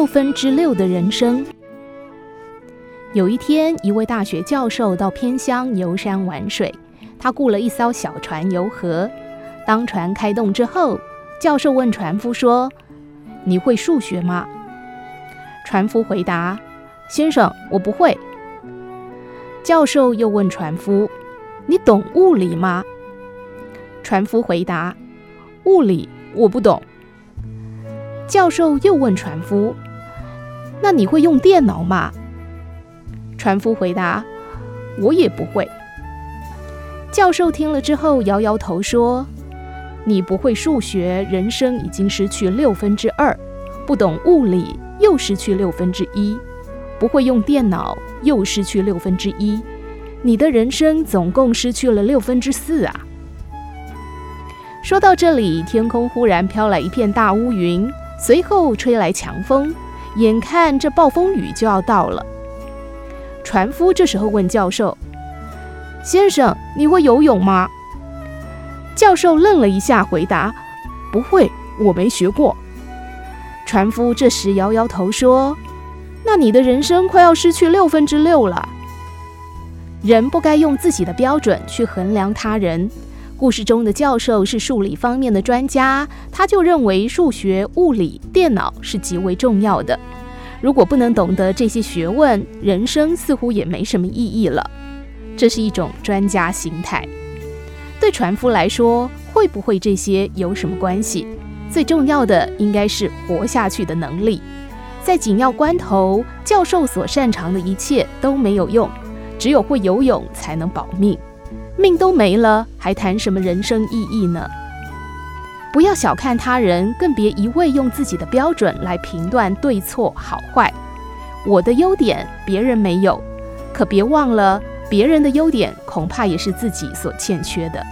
六分之六的人生。有一天，一位大學教授到偏鄉遊山玩水，他雇了一艘小船遊河。當船開動之後，教授問船夫說：“你會數學嗎？”船夫回答：“先生，我不會。”教授又問船夫：“你懂物理嗎？”船夫回答：“物理我不懂。”教授又問船夫，那你會用電腦嗎？船夫回答：“我也不會。”教授聽了之後搖搖頭說：“你不會數學，人生已經失去六分之二；不懂物理，又失去六分之一；不會用電腦，又失去六分之一。你的人生總共失去了六分之四啊！”說到這裡，天空忽然飄來一片大烏雲，隨後吹來強風。眼看這暴風雨就要到了，船夫這時候問教授：“先生，你會游泳嗎？”教授愣了一下，回答：“不會，我沒學過。”船夫這時搖搖頭說：“那你的人生快要失去六分之六了。人不該用自己的標準去衡量他人。”故事中的教授是數理方面的專家，他就認為數學、物理、電腦是極為重要的。如果不能懂得這些學問，人生似乎也沒什麼意義了。這是一種專家心態。對船夫來說，會不會這些有什麼關係？最重要的應該是活下去的能力。在緊要關頭，教授所擅長的一切都沒有用，只有會游泳才能保命。命都沒了，還談什麼人生意義呢？不要小看他人，更別一味用自己的標準來評斷對錯好壞。我的優點別人沒有，可別忘了別人的優點恐怕也是自己所欠缺的。